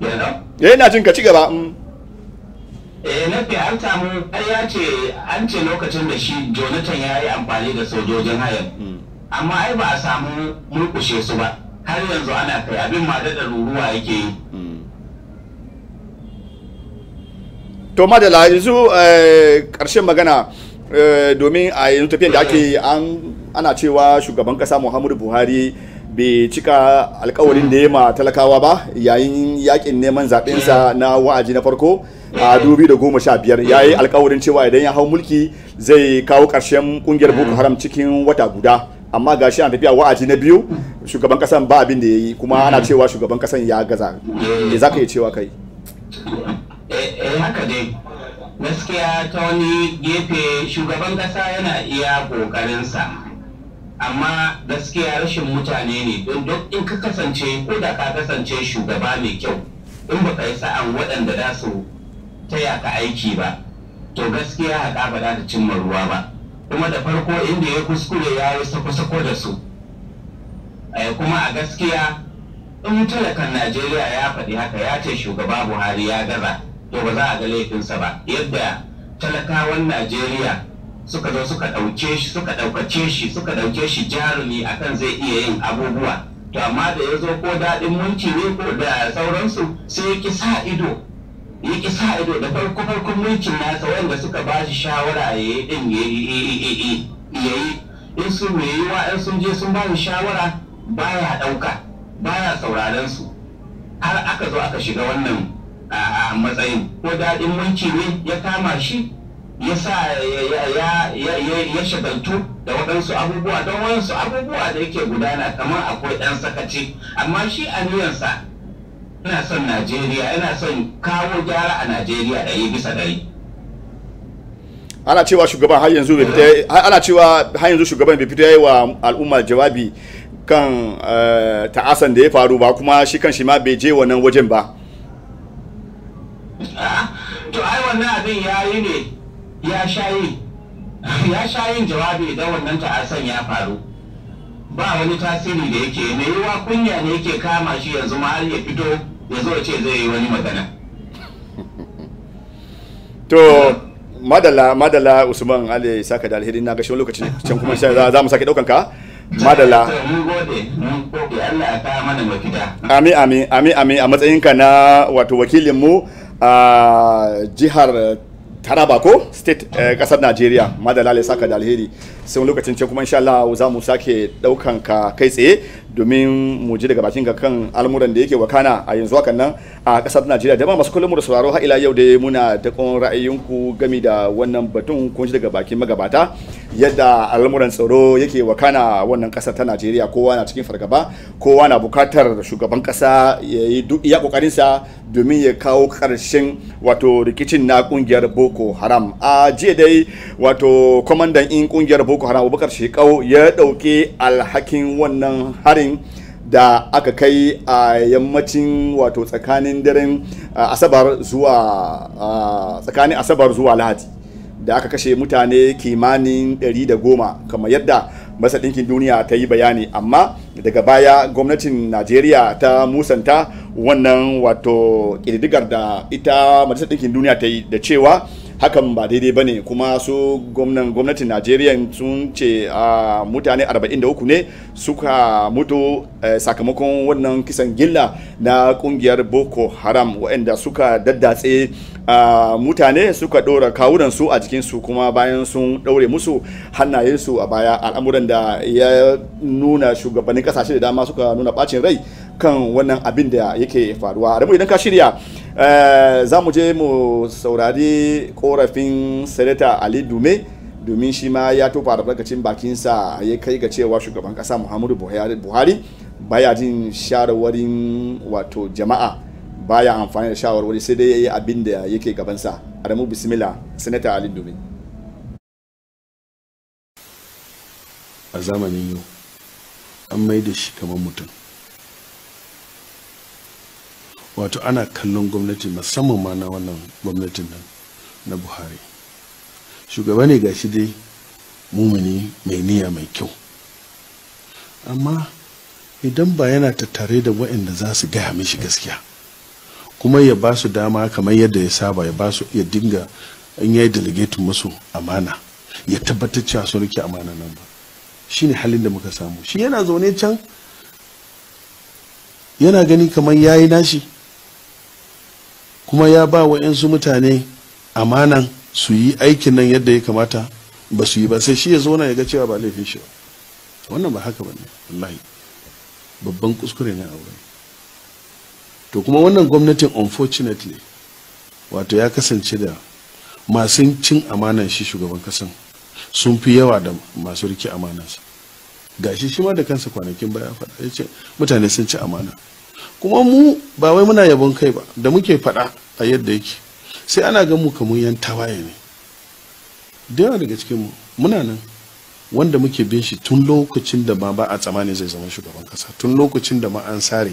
Speaker 1: yana eh, jin ka ci gaba mm.
Speaker 7: eh na fi an samu ya ce an ce lokacin da shi jonathan ya yi amfani da sojojin hayan amma ai ba a samu murkushe su ba har yanzu ana kai abin
Speaker 1: ma da ruruwa yake yi to madala yanzu karshen eh, magana eh, domin a yanzu tafiyan da ake an ana cewa shugaban kasa muhammadu buhari bai cika alkawarin da ya ma talakawa ba yayin yakin neman zaɓensa na wa'aji na farko a 2015 ya yi alkawarin cewa idan ya hau mulki zai kawo ƙarshen kungiyar boko haram cikin wata guda amma ga shi an tafiya wa'aji na biyu shugaban kasan ba abin da ya yi kuma ana cewa shugaban kasan ya gaza me za ka yi cewa kai eh,
Speaker 7: eh, haka dai gaskiya ta wani gefe shugaban kasa yana iya kokarinsa amma gaskiya rashin mutane ne don duk in ka kasance ko da ka kasance shugaba mai kyau in baka yi sa'an waɗanda da su ya ka aiki ba to gaskiya a ba za ta cimma ruwa ba kuma da farko inda ya kuskure ya yi sako-sako da su eh, kuma a gaskiya in talakan najeriya ya faɗi haka ya ce shugaba buhari ya gaza to ba za a ga laifinsa ba yadda talakawan najeriya suka zo suka ɗauke shi suka ɗaukace shi suka ɗauke shi jarumi akan zai iya yin abubuwa to amma da ya zo ko daɗin mulki ne ko da sauransu sai ya ki sa ido ya ƙi sa ido da farko farkon mulkin nasa wanda suka ba shi shawara ya yi ɗin ya yi in sun mai yi wa sun je sun ba shi shawara baya ɗauka baya sauraren su har aka zo aka shiga wannan matsayin ko daɗin mulki ne ya kama shi ya sa ya shagaltu da waɗansu abubuwa don waɗansu abubuwa da yake gudana kamar akwai ɗan sakaci amma shi a aniyarsa ina son najeriya ina son kawo gyara a najeriya da yi bisa
Speaker 10: ɗari
Speaker 1: ana cewa shugaban har yanzu bai ana cewa har yanzu shugaban bai fita yayi wa al'umma jawabi kan eh, ta'asan da ya faru ba kuma shi kan shi ma bai je wannan wajen ba
Speaker 7: to ai wannan abin ya yi ne ya shayi ya shayin jawabi idan wannan ta'asan ya faru ba wani tasiri da yake mai yiwuwa kunya ne yake kama shi yanzu ma har ya fito ya zo ce zai yi wani magana
Speaker 1: to madala madala usman ali saka da alheri na ga lokacin can kuma za mu sake daukan ka madala ami ami ami ami a matsayinka na wato wakilin mu a jihar taraba ko state kasar eh, najeriya madala ali saka da alheri sai lokacin ce kuma insha Allah za mu sake daukan ka kai tsaye domin mu ji daga bakin ka kan al'amuran da yake wakana a yanzu hakan nan a kasar Najeriya da ma masu kullum da sauraro har ila yau da muna da kon ra'ayinku game da wannan batun kun ji daga bakin magabata yadda al'amuran tsaro yake wakana wannan kasar ta Najeriya kowa na cikin fargaba kowa na bukatar shugaban kasa ya yi iya kokarin sa domin ya kawo karshen wato rikicin na kungiyar Boko Haram a jiya dai wato kwamandan in kungiyar Boko boko haram abubakar shekau ya dauke alhakin wannan harin da aka kai a yammacin wato tsakanin daren asabar zuwa tsakanin asabar zuwa lahadi da aka kashe mutane kimanin 110 kamar yadda masa ɗinkin duniya ta yi bayani amma daga baya gwamnatin najeriya ta musanta wannan wato ƙididdigar da ita majalisar ɗinkin duniya ta yi da cewa hakan ba daidai bane kuma su gwamnatin Najeriya sun ce mutane 43 ne suka mutu eh, sakamakon wannan kisan gilla na kungiyar Boko Haram waɗanda suka daddatse mutane suka ɗora kawunan su a jikinsu su kuma bayan sun ɗaure musu hannayensu a baya al'amuran da ya nuna shugabannin kasashe da dama suka nuna bacin rai kan wannan abin da yake faruwa. idan ka shirya Eh, za mu je mu saurari korafin sanata ali dume domin shi ma ya tofa albarkacin bakinsa ya kai ga cewa shugaban kasa muhammadu buhari baya jin shawarwarin wato jama'a baya amfani da shawarwari sai dai ya yi abin da yake gabansa adamu bismillah sanata ali dume
Speaker 5: a zamanin yau an mai da shi kamar mutum wato ana kallon gwamnati musamman ma na wannan gwamnatin nan na buhari shugaba ne ga shi dai mumuni mai niyya mai kyau amma idan ba yana tattare da waɗanda za su gaya mishi gaskiya kuma ya ba su dama kamar yadda ya saba ya ba su ya dinga in ya yi delegatin musu amana ya tabbatar cewa sun rike amana nan ba shi ne halin da muka samu shi yana zaune can yana gani kamar ya yi nashi kuma ya ba wa yansu mutane amanan su yi aikin nan yadda ya kamata ba su yi ba sai shi ya zo ya ga cewa ba laifin shi ba wannan ba haka ba ne wallahi babban kuskure ne a wurin to kuma wannan gwamnatin unfortunately wato ya kasance da masu cin amanan shi shugaban kasan sun fi yawa da masu rike amanansa Ga shi ma da kansa kwanakin baya faɗa ya ce mutane sun ci amana kuma mu ba wai muna yabon kai ba da muke faɗa a yadda yake sai ana gan mu kamar yan tawaye ne da yawa daga cikin mu muna nan wanda muke bin shi tun lokacin da ma ba a tsamani zai zama shugaban kasa tun lokacin da ma an sare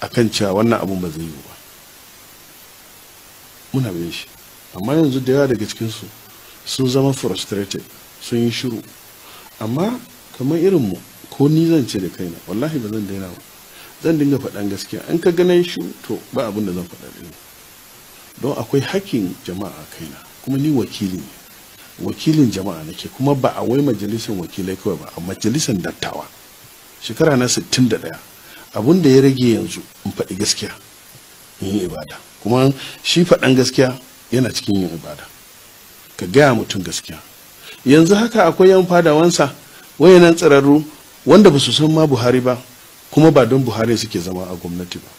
Speaker 5: a kan cewa wannan abun ba zai yi ba muna bin shi amma yanzu da yawa daga cikinsu sun zama frustrated sun yi shiru amma kamar mu ko ni zan ce da kaina wallahi ba zan daina ba zan dinga faɗan gaskiya in ka gane shi to ba abin da zan faɗa ɗin don akwai hakkin jama'a kaina kuma ni wakili ne wakilin jama'a nake kuma ba a wai majalisar wakilai kawai ba a majalisar dattawa shekara na 61 abin da ya rage yanzu in faɗi gaskiya in yi ibada kuma shi faɗan gaskiya yana cikin yin ibada ka gaya mutum gaskiya yanzu haka akwai yan fadawansa wayanan tsararru wanda ba su san ma buhari ba kuma ba don buhari suke zama a gwamnati ba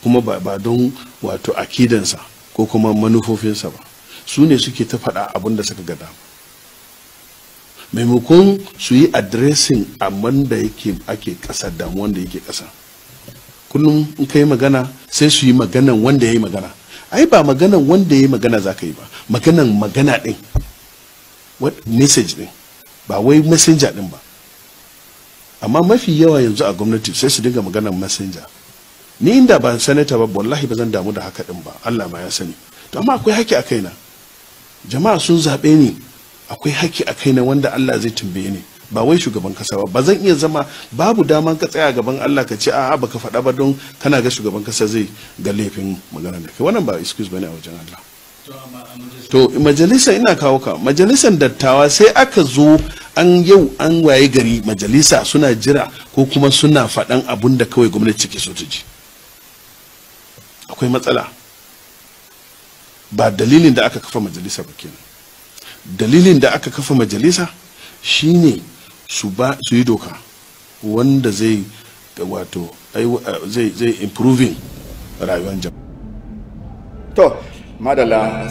Speaker 5: kuma ba don wato akidansa ko kuma manufofinsa ba su ne suke ta faɗa abin da suka gada dama maimakon su yi adresin amman da yake ake ƙasa damuwan wanda yake ƙasa kullum in ka yi magana sai su yi maganan wanda ya yi magana ai ba maganan wanda ya yi magana za ka yi ba maganan magana ɗin message ɗin ba wai messenger ɗin ba amma mafi yawa yanzu a gwamnati sai su dinga magana messenger ni inda ban sanata ba wallahi ba zan damu da haka din ba Allah ma ya sani to amma akwai haki a kaina jama'a sun zabe ni akwai haki a kaina wanda Allah zai tambaye ni ba wai shugaban kasa ba ba zan iya zama babu daman ka tsaya gaban Allah ka ce a'a baka faɗa ba don kana ga shugaban kasa zai ga laifin magana da kai wannan ba excuse bane a wajen Allah to majalisa ina kawo ka majalisan dattawa sai aka zo an yau an waye gari majalisa suna jira ko kuma suna faɗan abun da kawai gwamnati ke so ta ji akwai matsala ba dalilin da aka kafa majalisa ba kenan dalilin da aka kafa majalisa shine su ba su yi doka wanda zai wato zai improving rayuwar
Speaker 1: jama'a madala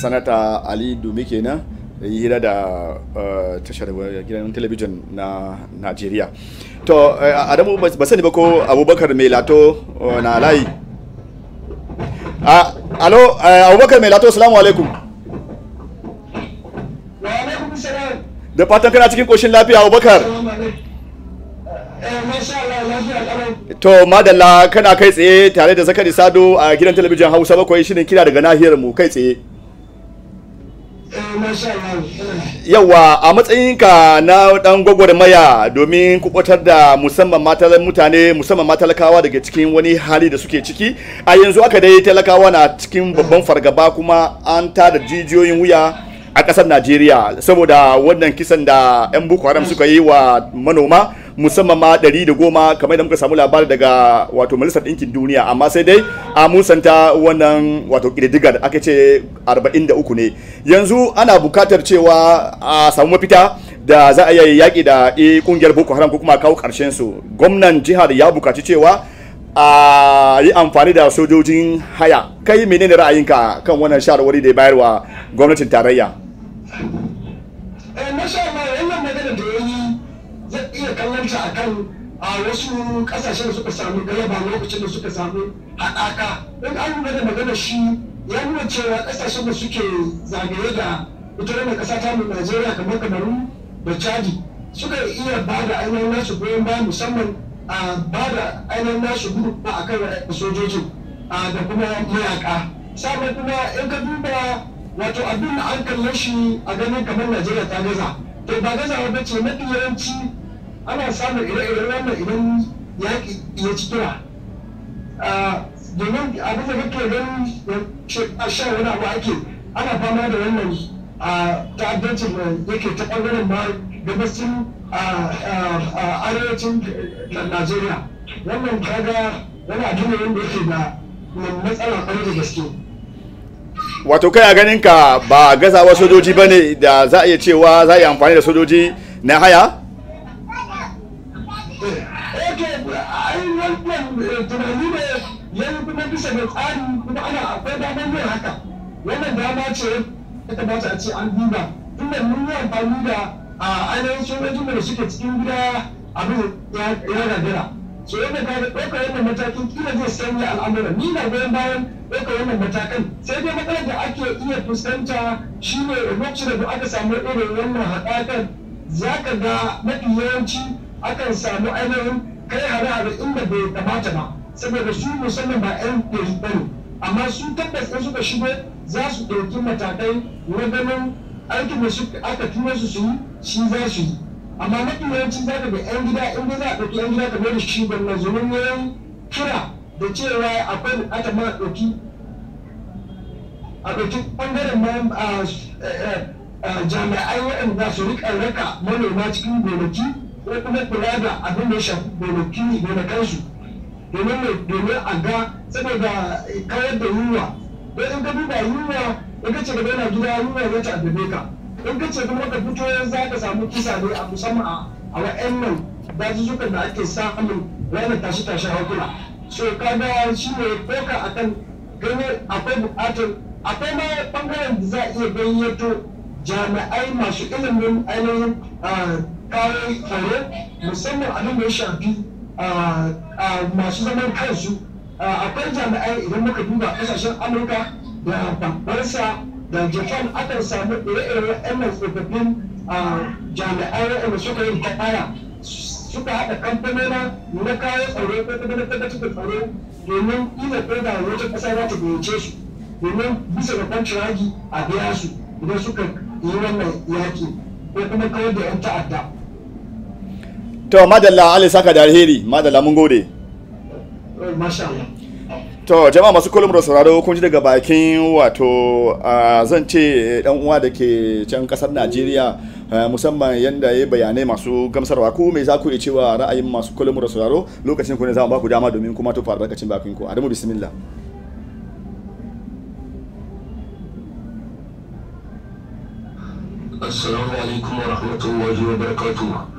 Speaker 1: sanata ali dumi kenan yi hira da eh, tashar gidan telebijin na najeriya to eh, adamu ba sani ba ko abubakar mai lato eh, na layi alo abubakar mai lato salamu alaikum da fatan kana cikin koshin lafiya abubakar to madalla kana kai tsaye tare da zakari sado a gidan talabijin hausa bakwai shirin kira daga nahiyar mu kai tsaye yawa a matsayinka na dan gwagwarmaya domin kubutar da musamman matalar mutane musamman matalakawa daga cikin wani hali da suke ciki a yanzu aka dai talakawa na cikin babban fargaba kuma an tada jijiyoyin wuya a kasar najeriya saboda wannan kisan da 'yan boko haram suka yi wa manoma musamman ma ɗari da goma kamar da muka samu labari daga wato majalisar ɗinkin duniya amma sai dai a musanta wannan wato ƙididdigar aka ce arba'in da ne yanzu ana buƙatar cewa a samu mafita da za a yi yaƙi da ƙungiyar boko haram ko kuma kawo ƙarshen su gwamnan jihar ya buƙaci cewa a yi amfani da sojojin haya kai menene ra'ayinka kan wannan shawarwari da ya bayarwa gwamnatin tarayya
Speaker 8: eh, suka kallanta a kan a wasu kasashen suka samu galaba lokacin da suka samu haɗaka don an lura da magana shi ya nuna cewa kasashen da suke zagaye da ita da kasa ta mu najeriya kamar kamaru da chadi suka iya ba da ainihin nasu goyon baya musamman a ba da ainihin nasu gudu a kan sojojin da kuma mayaka sabon kuma in ka duba wato abin da an kalle shi a ganin kamar najeriya ta gaza to ba gazawa ba ce mafi yawanci ana samun ire-iren wannan idan yaƙi ya ci tura domin abin da kake don a sha wani abu ake ana fama da wannan ta'addancin da yake ta ɓangaren ma a arewacin najeriya wannan kaga wani abu ne wanda yake da matsala kwarai da gaske
Speaker 1: wato kai a ganin ka ba gazawa sojoji bane da za a iya cewa za a yi amfani da sojoji na
Speaker 8: haya bisa da tsari kuma ana akwai damar yin haka wannan dama ce ya kamata a ce an duba tunda mun yi amfani da ainihin sojojin da suke cikin gida abin ya gagara so yadda ka ɗaukar wannan matakin kila zai sanya al'amuran ni na goyon bayan ɗaukar wannan matakan sai dai matsalar da ake iya fuskanta shine lokacin da aka samu irin wannan haɗakar za ka ga mafi yawanci akan samu ainihin kai hare-hare inda bai kamata ba saboda su musamman ba 'yan ɗari bane amma su tabbas in suka shigo za su ɗauki matakai na ganin aikin da su aka tura su su yi shi za su yi amma mafi yawanci za ka ga 'yan gida in za a ɗauki 'yan gida kamar da shi na zumin yayin kira da cewa akwai buƙatar ma ɗauki a ɗauki ɓangaren ma eh, eh, eh, jami'ai waɗanda su riƙa raka manoma cikin gonaki ko kuma kula da abin da ya shafi gonaki gonakansu domin a ga saboda kawar da yunwa don in ka duba yunwa in ka ce ka zauna gida yunwa ya a addabe ka in ka ce kuma ka fito za ka samu kisa ne a musamman a wa'annan dazuzzukan da ake samun wani tashi tashi hankula so kaga shi ne koka akan gani akwai bukatar akwai ma bangaren da za a iya gayyato jami'ai masu ilimin ainihin ah, kawo tsaro musamman abin da ya shafi a masu zaman kansu akwai jami'ai idan muka duba kasashen amurka da babbarsa da japan akan samu ire-iren waɗannan tsofaffin jami'ai waɗanda suka yi ta suka haɗa kamfanona na kayan tsaro ko kuma na tabbatar da tsaro domin ina ko da wata ƙasa za ta gayyace su domin bisa da kwantiragi a biya su idan suka yi wannan yaƙi ko kuma kawar da 'yan ta'adda
Speaker 1: to madalla Allah saka da alheri madalla mun gode to jama'a masu kullum da sauraro kun ji daga bakin wato zan ce dan uwa da ke can kasar Najeriya musamman yanda ya bayanai masu gamsarwa ku mai za ku iya cewa ra'ayin masu kullum da sauraro lokacin ku ne za mu ba ku dama domin kuma to fara barkacin bakin ku Adamu bismillah
Speaker 9: Assalamu alaikum wa rahmatullahi wa barakatuh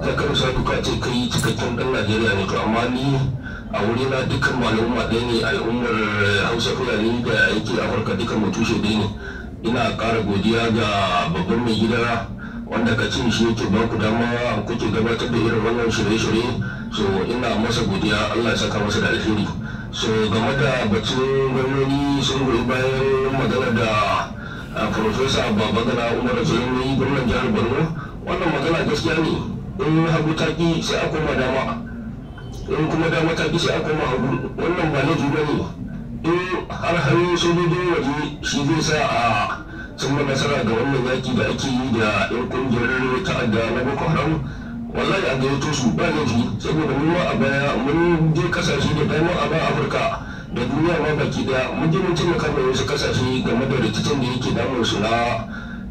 Speaker 9: da kan misali kuka ce kai cikakken dan najeriya ne to amma ni a wuri na dukkan malamuma ɗaya ne al'ummar hausa fulani da yake afirka dukkan mu tushe ɗaya ne ina ƙara godiya ga babban mai gida wanda ka ce shi yake ba ku dama kuke gabatar da irin wannan shirye-shirye so ina masa godiya allah ya saka masa da alheri so game da batun gwamnati sun goyi bayan magana da ah, profesa babagana umar zulmi gwamnan jihar borno wannan magana gaskiya ne in hagu ta sai a koma dama in kuma dama ta ƙi sai a koma hagu wannan ba laifi ba ne in har hannun sojojin waje shi zai sa a sun nasara ga wannan yaƙi da ake yi da yan ƙungiyar ta'adda na boko haram wallahi a gayyato su ba laifi saboda mun mu a baya mun je kasashe da dama a ba afirka da duniya ma baki daya mun je mun
Speaker 3: taimaka mai wasu kasashe game da rikicin da yake damun su na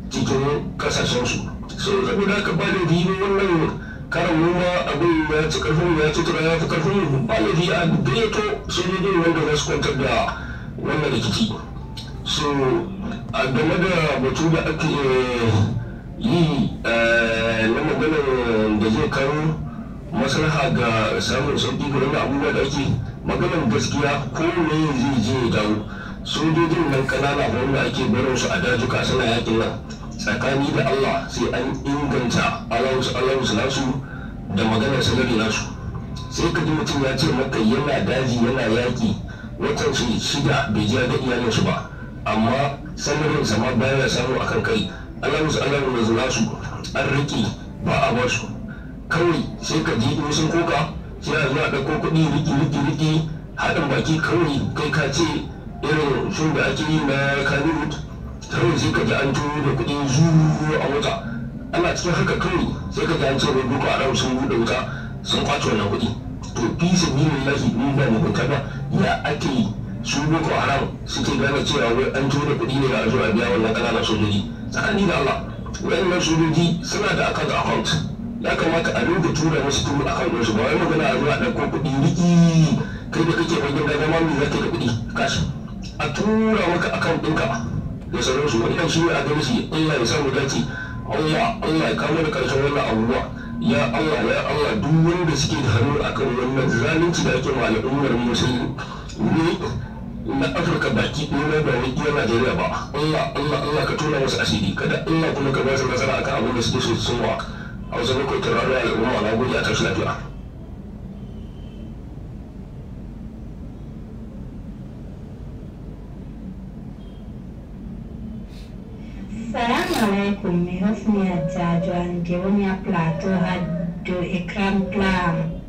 Speaker 3: cikin kasashen su so da aka ba da ne wannan karan noma ma abin ya ci
Speaker 9: karfin ya ci tura ya fi karfin mu ba laifi a yi sojojin wanda za su kwantar da wannan rikici so a game da batu da ake eh, yi eh, na maganar da zai kawo maslaha ga samun sauƙi ga wani abubuwa da ake maganar gaskiya ko ne zai je ya dawo sojojin nan kanana wanda ake barin su a dajuka suna yakin nan tsakani da Allah sai an inganta alawus nasu da maganar sanari nasu sai ka ji mutum ya ce maka yana daji yana yaƙi watan shi shida bai ji da iyalinsu ba amma sanarin sama baya ya samu akan kai alawus alawus nasu an riƙe ba a basu kawai sai ka ji in sun koka sai a zuwa ɗauko kuɗi riƙi riƙi riƙi haɗin baki kawai kai ka ce irin shun da ake yi na kanirut kawai sai ka ji an tuyo da kuɗi zuwa a wuta ana cikin haka kawai sai ka ji an cewa boko haram sun buɗe wuta sun kwace wannan kuɗi to fi sabilin lahi ni ba mu kuka ba ya ake yi su boko haram suke gane cewa wai an tuyo da kuɗi ne da zuwa biya wannan ƙananan sojoji tsakani da Allah wayannan sojoji suna da akan account ya kamata a rinka tura musu turu account ɗinsu ba wai magana a zuwa ɗauko kuɗi riƙi kai da kake fagen da zama mai zaka da kuɗi kashi a tura maka account ɗinka da sauran sauransu wannan shi ne a adalci Allah ya samu dace Allah Allah ya kawo da karshen wannan abubuwa ya Allah ya Allah duk wanda suke da hannu akan wannan zalunci da ake ma al'ummar musulmi ne na afirka baki ɗaya ba wai iya najeriya ba allah allah allah ka tona wasu asiri kada allah kuma ka ba su nasara akan abin da suke so su sun wa a wasu bakwai turare al'umma na gode a tashi lafiya
Speaker 3: Assalamu mi mai hasmiya jajo an je wani ya plato haddo ikram plam.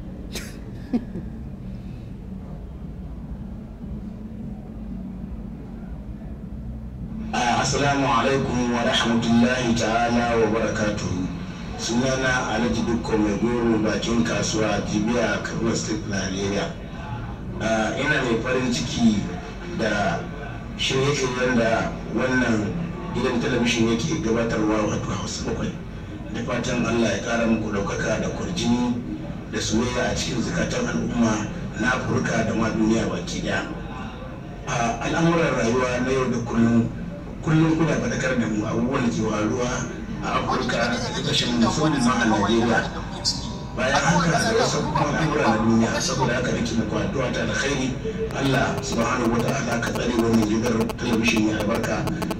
Speaker 9: Ah, assalamu alaikum wa rahmatullahi
Speaker 7: ta'ala wa barakatu sunana alhaji dukko mai goro bakin kasuwa jibiya kano state nigeria ah, ina mai farin ciki da shirye-shiryen da wannan gidan talabishin yake gabatarwa wato hausa bakwai da fatan allah ya kara muku ɗaukaka da kurjini da soyayya a cikin zukatan al'umma na afirka da ma duniya
Speaker 9: baki daya a al'amuran rayuwa na yau da kullum kullum kuna faɗakar da mu abubuwan ke waruwa a afirka a ƙasashen musamman ma a najeriya bayan haka sai kuma dora na duniya saboda haka nake muku addu'a ta alkhairi Allah subhanahu wataala ka tsare wannan gidan talabishin ya albarka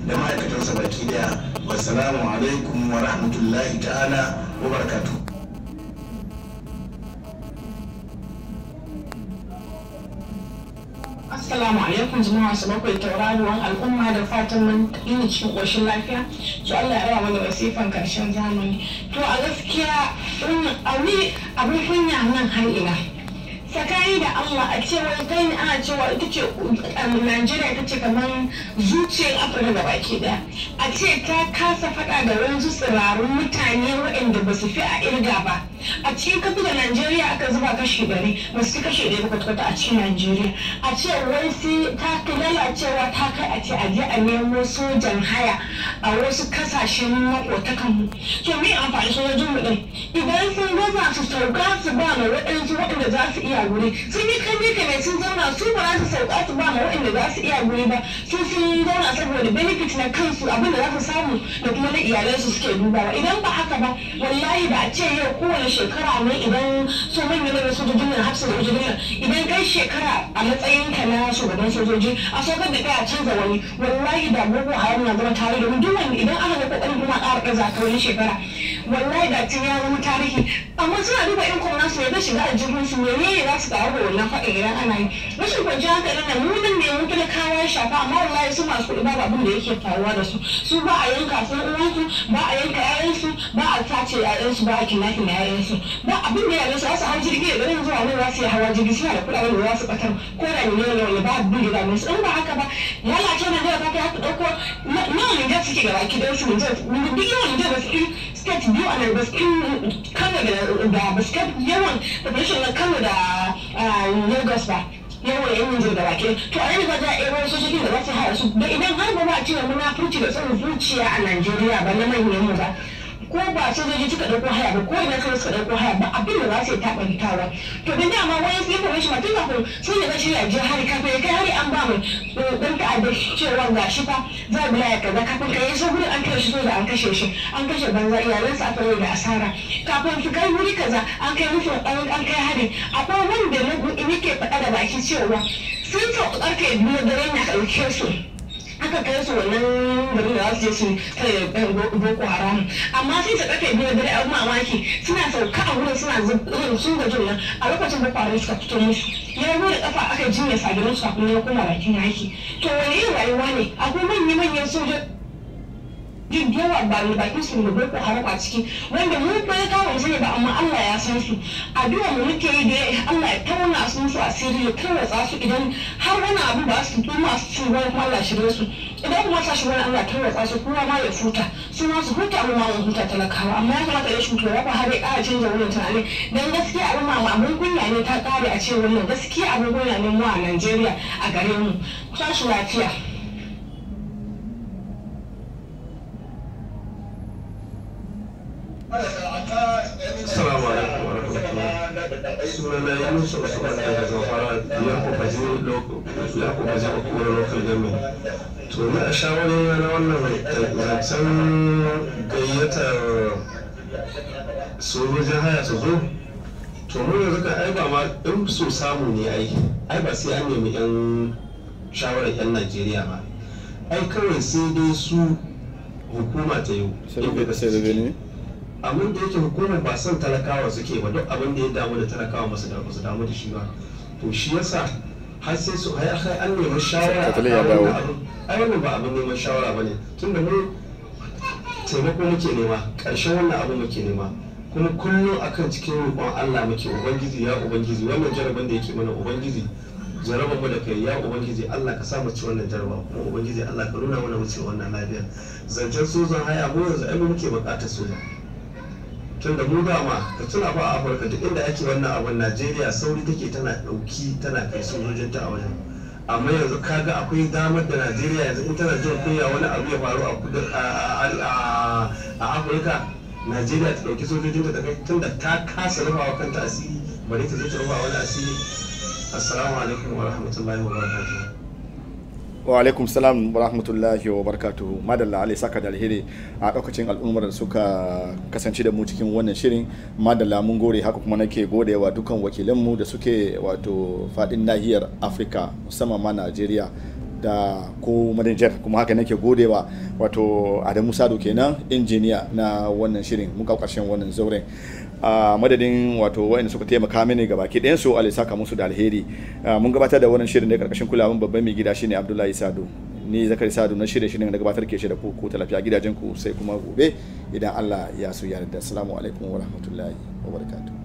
Speaker 9: da ma'aikatansa baki daya wassalamu alaikum wa rahmatullahi ta'ala
Speaker 3: wa barakatuh Assalamu alaikum jama'a su bakwai wani al'umma da fatan mun yi cikin ƙoshin lafiya. To Allah ya da wasifan karshen zamani. To a gaskiya aure abin kunya nan har ina. da Allah a ce wani kai ne ana cewa ita ce um, Najeriya ita ce kamar zuciyar Afirka da baki daya. A ce ta kasa faɗa da wani tsirarun mutane waɗanda ba su fi a irga ba. a cikin kafi da najeriya aka zuba kashi gari masu kashe kashi ɗari kwata a cikin najeriya a ce wai sai ta lalacewa ta kai a ce a je a nemo sojan haya a wasu kasashen makotakan mu to me amfani sojojin mu ɗin idan sun gaza su sauka su ba ma waɗansu waɗanda za su iya guri sun yi kan ne sun zauna su ba su sauka su ba ma waɗanda za su iya guri ba su sun zauna saboda benefit na kansu abinda za su samu da kuma na iyalansu suke dubawa idan ba haka ba wallahi da a ce yau kowane shekara ne idan su manya manya sojojin nan hafsa sojojin nan idan kai shekara a matsayin ka na shugaban sojoji a sokar da kai a canza wani wallahi da gugu haram na zama tare da duk wani idan aka ga kokarin kuma ƙara ɗaza ta wani shekara wallahi da cin ya zama tarihi amma suna duba in kuma su ya zai shiga aljihun su menene za su ga abu wannan faɗin idan ana yi rashin kwanci haka na nan nan ne mu kawo ya shafa amma wallahi su masu kuɗi babu abin da yake faruwa da su su ba a yanka san uwansu ba a yanka ƴaƴansu ba a sace ƴaƴansu ba a kinafi na ƴaƴansu ba abin da yaran su za su hau jirgi ya garin zuwa nan za su yi hawa jirgi suna da kuɗaɗen da za su ɓatar ko da ne ne ne ba abin da za su in ba haka ba lalace na da ta ta ɗauko nawa ne da suke gaba ki da su ne mun duk yawan da su state biyu a Lagos kano da basu yawan population na kano da Lagos ba yawan yan yanzu da bakin to a yanzu za a yi wasu cikin da za su haɗa su idan har ba ba a cewa muna furci da tsarin zuciya a Najeriya ba na manyan mu ba ko ba zai cika ɗauko haya ba ko ina kawai suka ɗauko haya ba abin da za su yi taɓa to da dama wani sai ko shi ma tun su ne yi rashin yaji hari kafin ya kai hari an ba mai eh, ɗan ta'adda cewa ga shi fa za mu bila ya kaza kafin ka yi so an kai shi da an kashe shi an kashe banza iyalansa a yi da asara kafin su kai wuri kaza an kai musu an kai hari akwai wanda na ke faɗa da baki cewa sun sauƙaƙa ke biyu dare na ɗauke su aka kai su wani wani da su su boko haram amma sai su kafe biyar dare abin mamaki suna sauka a wurin suna zuwa sun gaji nan a lokacin boko haram suka fito musu ya da kafa aka jinya sagirin su kafin ya koma bakin yaki to wani yin rayuwa ne akwai manya-manyan sojoji jin yawa ba ne bakin su ne boko haram a ciki wanda mu ko ya kawo su ba amma Allah ya san su addu'a mu muke yi da Allah ya tauna asusu su asiri ya tarwatsa su idan har wani abu ba su fito masu cin wani kuma Allah shirye su idan kuma sa shi wani Allah tarwatsa su kuma ma ya futa su ma su huta mu ma mu huta talakawa amma ya kamata ya shuka ya ba har ya kara canza wannan tunanin dan gaskiya abin mama abin kunya ne ta kare a ce wannan gaskiya abin kunya ne mu a Najeriya a gare mu tashi lafiya
Speaker 9: sunana Yunus Usman daga ya to a shawarar na wannan zancen gayyatar sojojin haya su zo to mu yanzu ka
Speaker 7: ai ba ma in so samu ne ai ai ba sai an nemi yan shawarar yan
Speaker 1: Najeriya ba ai kawai sai dai su hukuma ta yau sai da sai da ne
Speaker 9: abin da yake hukumar ba son talakawa suke ba duk abin da ya damu da talakawa masu damu su damu da shi ba to shi yasa har sai su har kai an nemi shawara a
Speaker 7: wannan ba abin neman shawara bane tunda mu taimako muke nema karshen wannan abu muke nema kuma kullum akan cikin roƙon Allah muke ubangiji ya ubangiji wannan jaraban da yake mana ubangiji jarabar mu da kai ya ubangiji Allah ka sa mu ci wannan jaraba kuma ubangiji Allah ka nuna mana mu wannan lafiya zancen sojan haya mu yanzu ai muke buƙatar soja tun da mu dama ka tuna ba afirka duk inda ake wannan abun najeriya sauri take tana dauki tana kai sojojinta a wajen amma yanzu kaga akwai damar da najeriya yanzu in tana jin kunya wani abu ya faru a afirka najeriya ta dauki sojojinta ta kai tun da ta kasa rufawa kanta asiri bari ta
Speaker 9: zo ta rufawa wani asiri assalamu alaikum wa rahmatullahi wa
Speaker 1: wa alaikum salam wa rahmatullahi wa barakatuhu madalla ali saka da alheri a daukacin al'ummar suka kasance da mu cikin wannan shirin madalla mun gore haka kuma nake gode wa dukkan mu da suke wato fadin nahiyar afirka musamman ma najeriya da ko manager kuma haka nake wa wato adamu sado kenan injiniya na wannan shirin muka karshen wannan zauren a madadin wato wa'anda suka taimaka mini ga baki ɗayan su alisa musu da alheri mun gabatar da wannan shirin ne karkashin kulawan babban mai gida shine Abdullahi Sado ni Zakari sadu na shirye shirin da gabatar ke shi da ku ku gidajen ku sai kuma gobe idan Allah ya su yarda assalamu alaikum wa rahmatullahi wa barakatuh